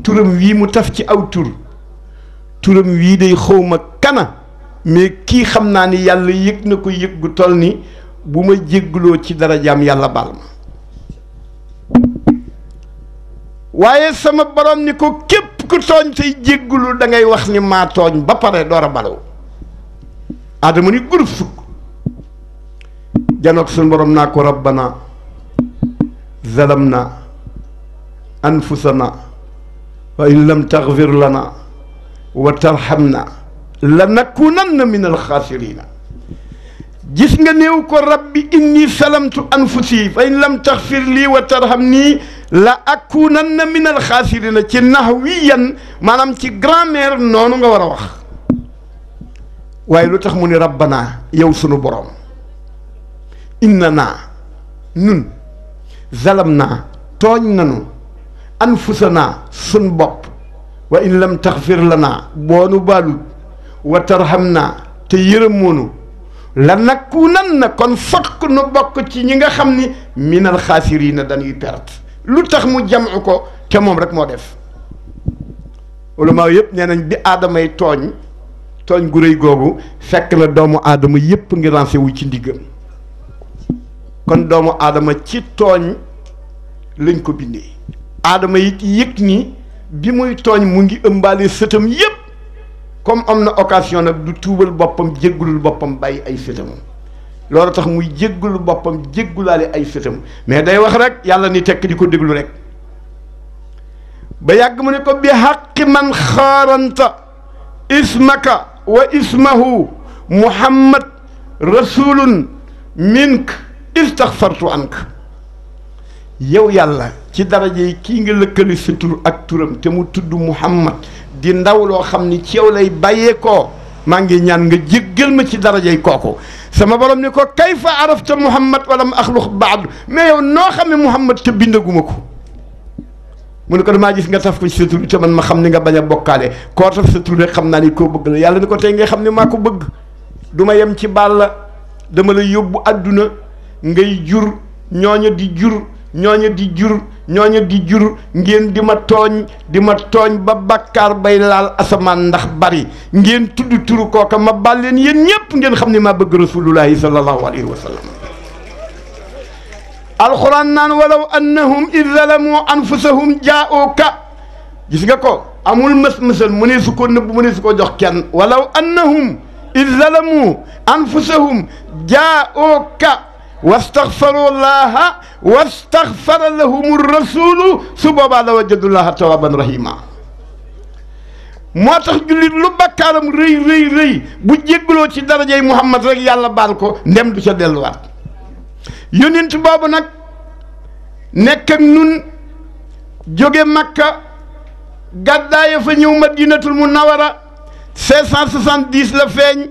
turam wii mu taf ci aw tur turam wii day ma kana mais kii xam naa ni yàlla yëg na ko yëg gu toll ni bu ma jéggloo ci darajaam yàlla baal ma waaye sama borom ni ko képp ku tooñ tey jégglu da wax ni maa tooñ ba pare door a balaw Adama ni gur fukk janoog suñu borom naa ko rabbana zalamna anfusana wa in lam taxfir lana wa tarhamna lanakunanna min alxaasirina gis nga néew ko rabbi inni salamtu anfusi fa in lam taxfir lii wa tarhamni la akunanna min alxaasirina ci nahwiyan maanaam ci grammaire noonu nga war a wax waaye lu tax mu ni rabbana yow sunu borom inna naa nun zalam naa tooñ nanu anfusanaa sun bopp wa in lam taxfir lanaa boonu baalut wa tarham naa te yërëmoonu la nakkunan na kon fokk nu bokk ci ñi nga xam ni minal xaasiriina dañuy perte lu tax mu jamu ko te moom rek moo def ulama yëpp nee nañ bi aadamay tooñ tooñ gu réy googu fekk na doomu aadama yëpp ngi rancé wu ci ndiggam kon doomu aadama ci tooñ lañ ko bindee aadama yi yëg ni bi muy tooñ mu ngi ëmbaale sëtam yépp comme am na occasion nag du tuubal boppam jéggulul boppam bàyyi ay sëtam loolu tax muy jéggul boppam jéggulaale ay sëtam mais day wax rek yàlla ni tekk di ko déglu rek ba yàgg mu ne ko bi xaqi man xaaranta ismaka wa ismahu muhammad rasulun mink tax istaxfartu anka yow yàlla ci daraje kii nga lëkkali sa tur ak turam te mu tudd muhammad di ndaw loo xam ni ci yow lay bàyyeekoo maa ngi ñaan nga jéggal ma ci darajey kooku sama borom ni ko kayfa arafta muhammad wala mu axluq baadu mais yow noo xam ne muhammad te bindaguma ko mu ne ko damaa gis nga taf ko ci sa tur te man ma xam ni nga bañ a bokkaale koo taf sa tur rek xam naa ni koo bëgg la yàlla ni ko tey nga xam ne maa ko bëgg du ma yem ci baal la dama la yóbbu àdduna ngay jur ñooñu di jur ñooñu di jur ñooñu di jur ngeen di ma tooñ di ma tooñ ba bàkkaar bay laal asamaan ndax bari ngeen tudd turu kooka ma baal leen ñépp ngeen xam ne maa bëgg rasulullahi sallallahu alayhi wa sallam naan walaw annahum id zalamu anfusahum jaa'uka gis nga ko amul mës-mësal mu ne nëbb mu ko jox kenn walaw annahum id zalamu anfusahum jaa'uka wastaxfarullaha wastaxfara lahumu rasulu su boobaa la wajadullaha tawaban rahima moo tax jullit lu bakkaaram rëy rëy rëy bu jéggaloo ci darajey Muhammad rek yàlla baal ko ndem du ca delluwaat yonent boobu nag nekk ak nun jóge Makka gàddaaya fa ñëw Madinatul Munawara 570 la feeñ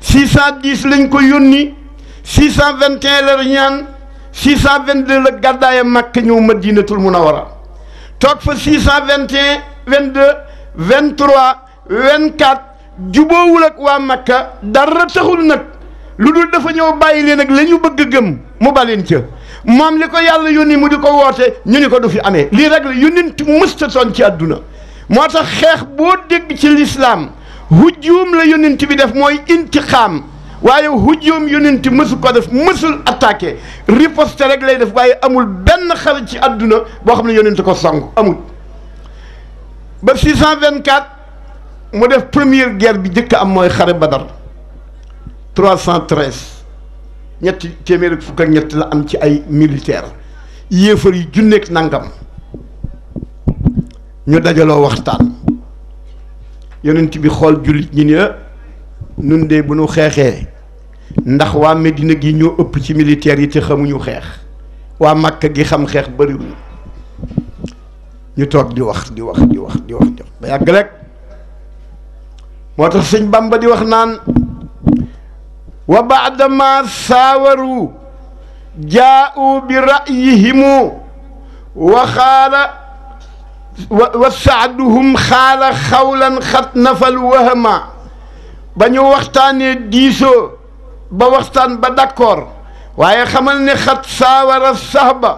610 lañ ko yónni 621 la ñaan 622 la gàddaaya Makka ñëw Madinatul Munawara toog fa 621 22 23 24 juboowul ak waa Makka dara taxul nag lu dul dafa ñëw bàyyi leen ak la ñu bëgg gëm mu baleen ca moom li ko yàlla yónni mu di ko woote ñu ni ko du fi amee lii rek la yónnent mëstatoon ci àdduna moo tax xeex boo dégg ci lislaam hujjuum la yónnent bi def mooy xaam waaye hujjoom yonenti mësu ko def mësul attaqué riposte rek lay def waaye amul benn xare ci àdduna boo xam ne yonenti ko sangu amul ba 624 mu def première guerre bi njëkk am mooy xare Badar 313 ñetti téeméeri fukk ak ñett la am ci ay militaire yéefar yi junneeg nangam ñu dajaloo waxtaan yonent bi xool jullit ñi ne nun de bu nu xeexee ndax waa Medina gi ñoo ëpp ci militeer yi te xamuñu xeex waa Makka gi xam xeex bëriwuñu ñu toog di wax di wax di wax di wax di wax ba yàgg rek moo tax sëñ Bamba di wax naan wa baadama saawaru jaau bi rayihimu wa xaala wa saaduhum xaala xawlan xat nafal wahama ba ñu waxtaanee diisoo ba waxtaan ba d'accord waaye xamal ne xat saawara sahba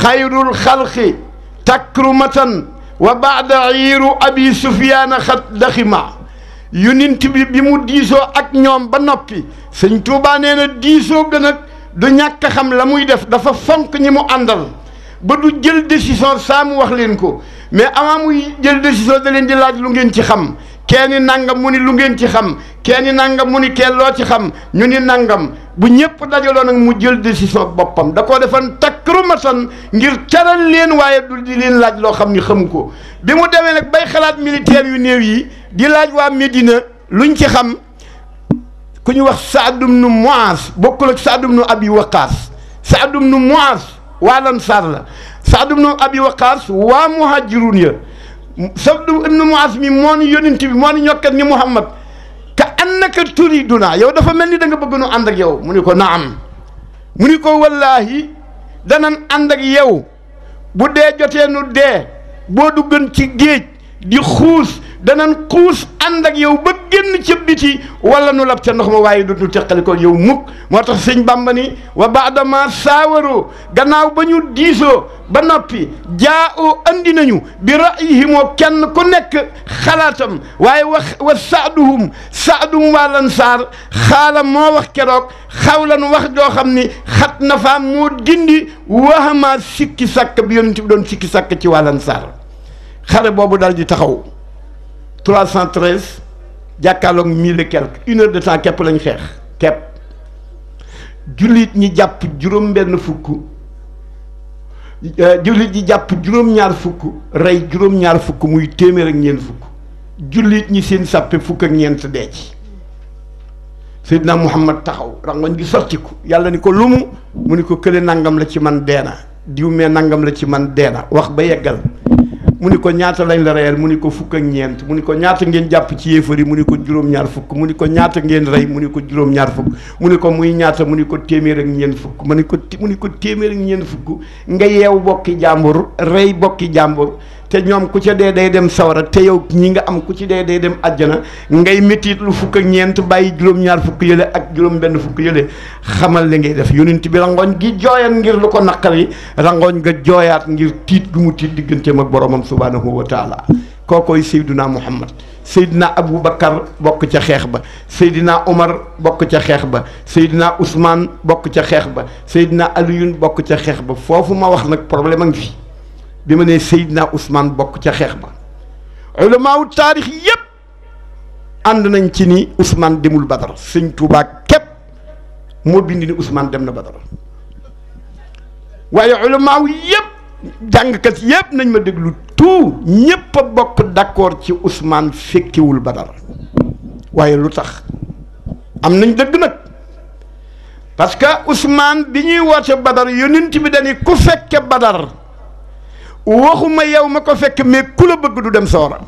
xayrul xalqi takrumatan wa baada iiru abi sufiyaana xat daxima yonent bi bi mu diisoo ak ñoom ba noppi sëñ Tuubaa nee na diisoo ga nag du ñàkk xam la muy def dafa fonk ñi mu àndal ba du jël décision saa mu wax leen ko mais avant muy jël décision da leen di laaj lu ngeen ci xam kenn nangam mu ni lu ngeen ci xam kenn nangam mu ni kenn loo ci xam ñu ni nangam bu ñëpp dajaloo nag mu jël décision boppam da koo defan takrumatan ngir caral leen waaye du di leen laaj loo xam ni xamu ko bi mu demee nag bay xalaat militaire yu néew yi di laaj waa Médina luñ ci xam ku ñu wax saadum nu Muaas bokkul ak saadum nu Abi Waqaas saadum nu Muaas waa lan saar la saadum nu Abi Waqaas waa muhajirun ya Sabdu ibnu Muas mi moo ni yonent bi moo ni ñokkat ni Muhammad ka annaka turiduna yow dafa mel ni da nga bëgg nu ànd ak yow mu ni ko naam mu ni ko wallaahi danan ànd ak yow bu dee jotee nu dee boo duggan ci géej di xuus danañ xuus ànd ak yow ba génn ca biti wala nu lab ca ndox ma waaye duñu teqali ko yow mukk moo tax sëñ Bàmba ni wa baadama saawaroo gannaaw ba ñu diisoo ba noppi jaa oo andi nañu bi ra'yihimoo kenn ku nekk xalaatam waaye wax wa saaduhum saaduhum waa lan saar xaala moo wax keroog xawlan wax joo xam ni xat na faa moo dindi waxamaa sikki sàkk bi yonent bi doon sikki sàkk ci waa lan xare boobu dal di taxaw 313 cent mille jàkkaalook quelque une heure de temps képp lañu xeex képp jullit ñi jàpp juróom-benn fukk euh, jullit ñi jàpp juróom-ñaar fukk rey juróom-ñaar fukk muy téeméer ak ñeent fukk jullit ñi seen sàppe fukk ak ñeent dee ci Seydina Muhammad taxaw rangoñ gi sottiku yàlla ni ko lumu mu ni ko kële nangam la ci man deena diw mee nangam la ci man deena wax ba yeggal mu ni ko ñaata lañ la reyal mu ni ko fukk ak ñeent mu ni ko ñaata ngeen jàpp ci yéefar yi mu ni ko juróom-ñaar fukk mu ni ko ñaata ngeen rey mu ni ko juróom-ñaar fukk mu ni ko muy ñaata mu ni ko téeméer ak ñeent fukk mu ni ko mu ni ko téeméer ak ñeent fukk nga yeew bokki jàmbur rey bokki jàmbur te ñoom ku ca dee day dem sawara te yow ñi nga am ku ci dee day dem ajjana ngay métit lu fukk ak ñeent bàyyi juróom-ñaar fukk yële ak juróom-benn fukk yële xamal li ngay def yonent bi rangoñ gi jooyan ngir lu ko naqari rangoñ nga jooyaat ngir tiit gu mu tiit digganteem ak boromam subhaanahu wa taala kookoy Seydina Muhammad Seydina Abu Bakar bokk ca xeex ba Seydina Omar bokk ca xeex ba Seydina Ousmane bokk ca xeex ba Seydina Aliyun bokk ca xeex ba foofu ma wax nag problème a ngi fi bi ma nee naa Ousmane bokk ca xeex ba ulamaawu taarix yépp ànd nañ ci ni Ousmane demul Badar sëñ Touba képp moo bind ni Ousmane dem na Badar waaye ulamaaw yépp jàngkat yépp nañ ma déglu tout ñépp a bokk d'accord ci Ousmane fekkiwul Badar waaye lu tax am nañ dëgg nag parce que Ousmane bi ñuy woote Badar yonent bi dañi ku fekke Badar waxuma yow ma ko fekk mais ku la bëgg du dem soora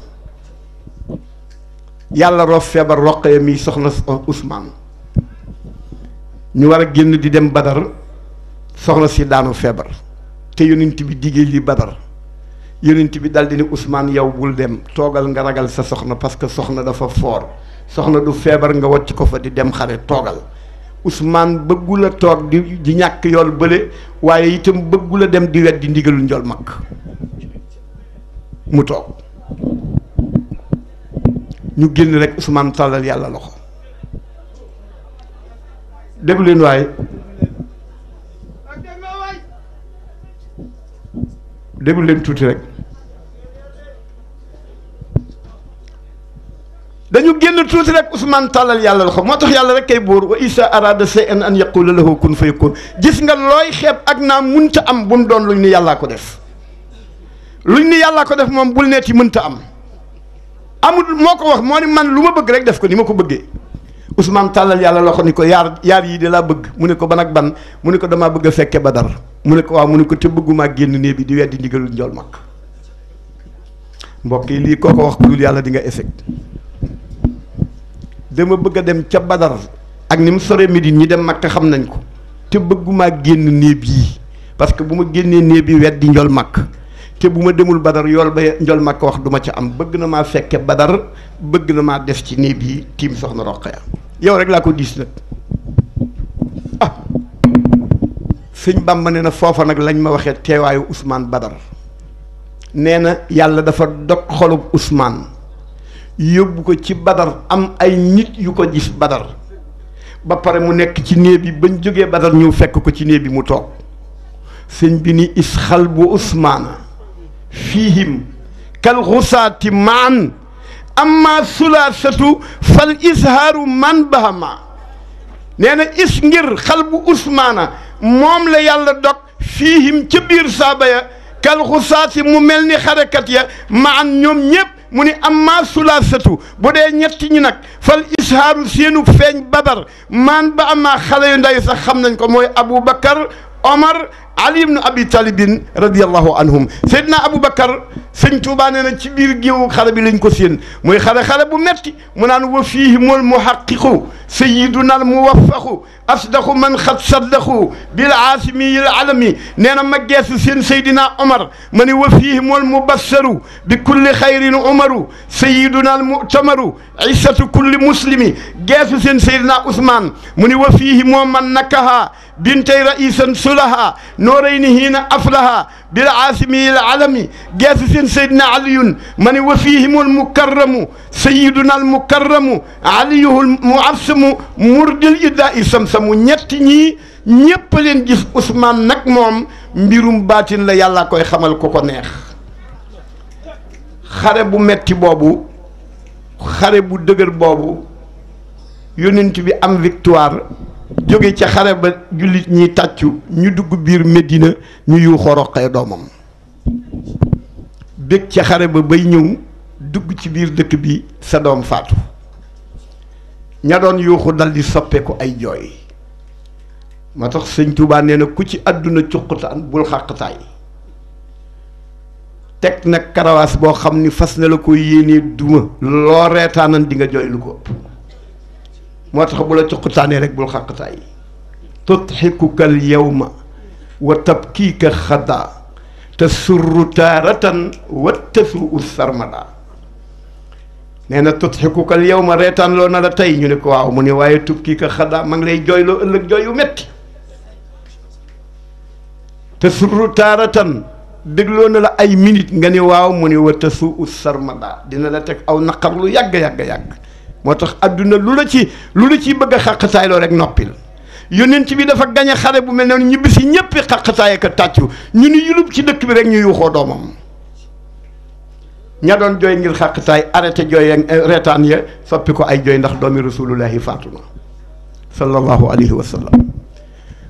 yàlla roof feebar roqee mi soxna euh, Ousmane ñu war a génn di dem Badar soxna si daanu feebar te yonent bi diggee li Badar yonent bi daldi ni Ousmane yow bul dem toogal nga ragal sa soxna parce que soxna dafa foor soxna du feebar nga wàcc ko fa di dem xare toogal Ousmane bëggul a toog di di ñàkk yoon bëre waaye itam bëggul a dem di wet di ndigalul njool mag mu toog ñu génn rekk Ousmane tàllal yàlla loxo déglu leen waaye déglu tuuti rek dañu génn tuuti rekk Ousmane tàllal yàlla loxo moo tax yàlla rek kay buur wa isa arada shay'an an yaqula lahu kun fayakun gis nga looy xeeb ak naa munta am bu mu doon ñu ni yàllaa ko def luñ ni yàllaa ko def moom bul neeti mënta am amul moo ko wax moo ni man lu ma bëgg rek def ko ni ma ko bëggee Ousmane tàllal yàlla loxo ni ko yaar yaar yii de laa bëgg mu ne ko ban ak ban mu ne ko damaa bëgg a fekke ba dara mu ne ko waaw mu ne ko te bëggumaa génn néeg bi di weddi ndigalul njool mag mbokk yi lii koo wax ku yàlla di nga effect dama bëgg a dem ca Badar ak ni mu sore Médine ñi dem makk xam nañ ko te bëggumaa génn néeg yi parce que bu ma génnee néeg bi wet di njol Makka te bu ma demul Badar yool ba njol Makka wax duma ma ca am bëgg na maa fekke Badar bëgg na maa des ci néeg yi tiim soxna Roqaya yow rek laa ko diis nag ah sëñ Bàmba ne na foofa nag lañ ma waxee teewaayu Ousmane Badar nee na yàlla dafa dog xolub usmaan yóbbu ko ci badar am ay nit yu ko gis badar ba pare mu nekk ci néeg bañ jógee badar ñëw fekk ko ci néeg bi mu toog sëñ bi ni isxal bu usmaana fiihim kal xusaati maan amma sulaasatu fal ishaaru man bahama nee na is ngir xal bu usmaana moom la yàlla dog fiihim ca biir saaba ya kal xusaati mu mel ni xarekat ya maan ñoom ñépp mu ni am amma sulaasatu bu dee ñetti ñi nag fal ishaaru seenu feeñ babar maan ba amma xale yu ndaw sax xam nañ ko mooy Aboubacar Omar ali ibnu abi talibin radiallahu anhum seydina aboubacar sëñ tuubaa nee na ci biir géewu xare bi lañ ko séen mooy xare-xare bu metti mu naan wa fiihi mul muhaqiqu sayiduna al muwaffaqu asdaqu man xat saddaqu bil aasimiyil alami nee na ma geesu seen seydina omar ma ne wa fiihi mul mubassaru bi kulli xayrin omaru sayiduna al mutamaru isatu kulli muslimi geesu seen seydina ousmane mu ne wa fiihi moom man nakaha bintay raisan sulaha نورين هنا أفلها بالعاصم العالم جاسس سيدنا علي من وفيهم المكرم سيدنا المكرم عليه المعصم مرد الإداء سمسم نتني ñépp leen gis Ousmane nag moom mbirum baatin la yàlla koy xamal ku ko neex xare bu metti boobu xare bu dëgër boobu yonent bi am victoire jóge ca xare ba jullit ñi tàccu ñu dugg biir Medina ñu yuuxoo roqee doomam bég ci xare ba bay ñëw dugg ci biir dëkk bi sa doom faatu ña doon yuuxu dal soppeeku ay jooy ma tax sëñ Tuubaa nee na ku ci àdduna cuqutaan bul xàqtaay teg na karawaas boo xam ni fas na la ko yéenee duma loo reetaanan di nga jooy lu ko ëpp moo tax bu la cuqutaanee rek bul xaqtaay tutxikuka al yawma wa tabkiika xadaa tasurru taaratan wa tasuu sarmada nee na tutxikuka al yawma reetaan loo na la tey ñu ne ko waaw mu ne waaye tubkiika xadaa ma ngi lay jooyloo ëllëg jooy yu te tasurru taaratan dégloo na la ay minute nga ne waaw mu ne wa tasuu sarmada dina la teg aw naqar lu yàgg yàgg yàgg moo tax àdduna lu la ci lu la ciy bëgg a xàqtaayloo rek noppil yónent bi dafa gañ a xare bu mel noonu ñibbi si ñëppi xàqtaay ak tàccu ñu ni yulub ci dëkk bi rek ñu yuuxoo doomam ña doon jooy ngir xàqtaay arrêté jooy eh, reetaan ya soppi ko ay jooy ndax doomi rasulullahi faatuma sallallahu alayhi wa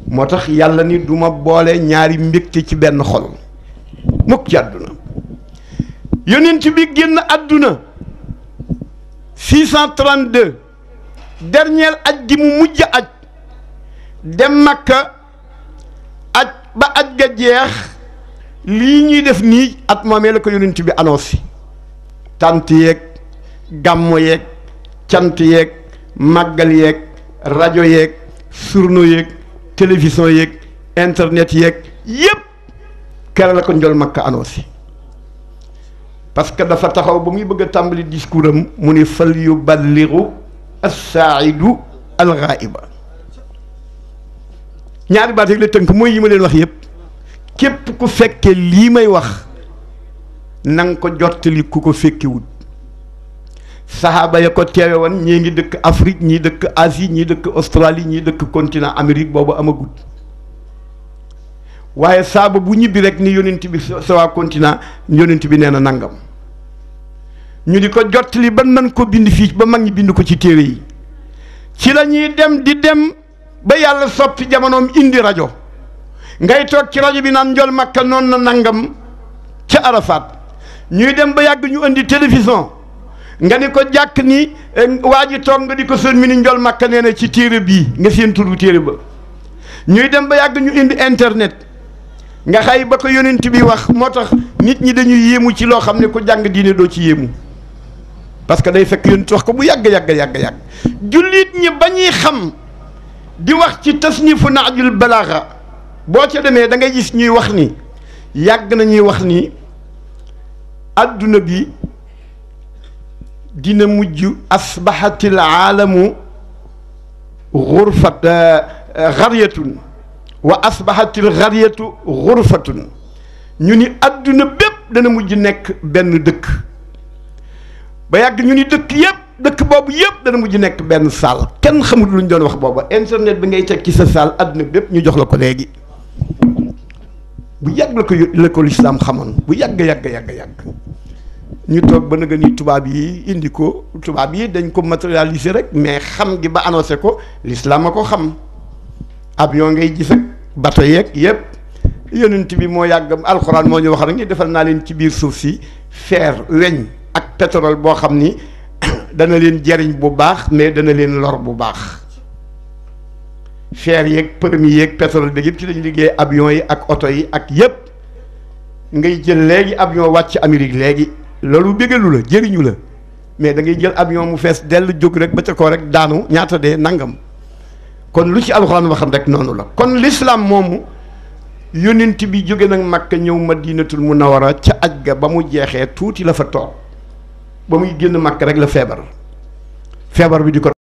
moo tax yàlla ni duma boole ñaari mbégte ci benn xol mukk ci àdduna yónent bi génn àdduna 632 dernier aj gi mu mujj aj dem Makka aj ba aj ga jeex lii ñuy def nii at moomee la ko yonent bi annoncé tant yeeg gàmmo yeeg cant yeeg màggal yeeg rajo yeeg surno yeeg télévision yeeg internet yeeg yépp kere la ko njol Makka annoncé parce que dafa taxaw ba muy bëgg a tàmbali discours am mu ni fal yu balliru assaidu alxaaiba ñaari baat la tënk mooy yi ma leen wax yëpp képp ku fekke lii may wax nang ko jottali ku ko fekkewut saxaaba ya ko teewe woon ñii ngi dëkk Afrique ñii dëkk Asie ñii dëkk Australie ñii dëkk continent Amérique boobu amagut waaye saaba bu ñibbi rek ni yonent bi sa waa yonent bi nee na nangam ñu di ko jottali ban nan ko bind fii ba mag ñi bind ko ci téere yi ci lañuy dem di dem ba yàlla soppi jamonoom indi rajo ngay toog ci rajo bi naan njol makka noon na nangam ca Arafat ñuy dem ba yàgg ñu indi télévision nga ni ko jàkk ni eh, waa ji toog nga di ko sën mi ni njol makka nee na ci téere bii nga seen tur téere ba ñuy dem ba yàgg ñu indi internet nga xay ba ko yonent bi wax moo tax nit ñi dañuy yéemu ci loo xam ne ku jàng diine doo ci yéemu parce que day fekk yonent wax ko bu yàgg yàgg yàgg yàgg jullit ñi ba ñuy xam di wax ci tasnifu naajul balaaxa boo ca demee dangay gis ñuy wax ni yàgg na ñuy wax ni àdduna bi dina mujj asbaxatil aalamu xurfat euh, euh, xaryatun wa asbaxatil xaryatu xurfatun ñu ni àdduna bépp dana mujj nekk benn dëkk ba yàgg ñu ni dëkk yëpp dëkk boobu yëpp dana mujj nekk benn salle kenn xamul lu ñu doon wax booba internet bi ngay teg ci sa salle àdduna bépp ñu jox la ko léegi bu yàgg la ko la ko lislaam xamoon bu yàgg yàgg yàgg yàgg ñu toog ba nga ni tubaab yi indi ko tubaab yi dañ ko matérialiser rek mais xam gi ba annoncé ko lislaam a ko xam ab yoo ngay gis ak bato yeeg yëpp yonent bi moo yàgg alxuraan moo ñu wax rek ni defal naa leen ci biir suuf si fer weñ ak pétrole boo xam ni <coughs> dana leen jariñ bu baax mais dana leen lor bu baax fer yeeg permis yeeg pétrole bi yëpp ci lañ liggéey abion yi ak oto yi ak yépp ngay jël léegi avion wàcc Amérique léegi loolu bégalu la jëriñu la mais dangay jël avion mu fees dell jóg rek ba ca ko rek daanu ñaata dee nangam kon lu ci alxuraan waxam rek noonu la kon l'islam moomu yónent bi jóge nag Makka ñëw ma diinatul Madinatul Munawara ca aj ga ba mu jeexee tuuti la fa toog ba muy génn màkk rek la feebar feebar bi di ko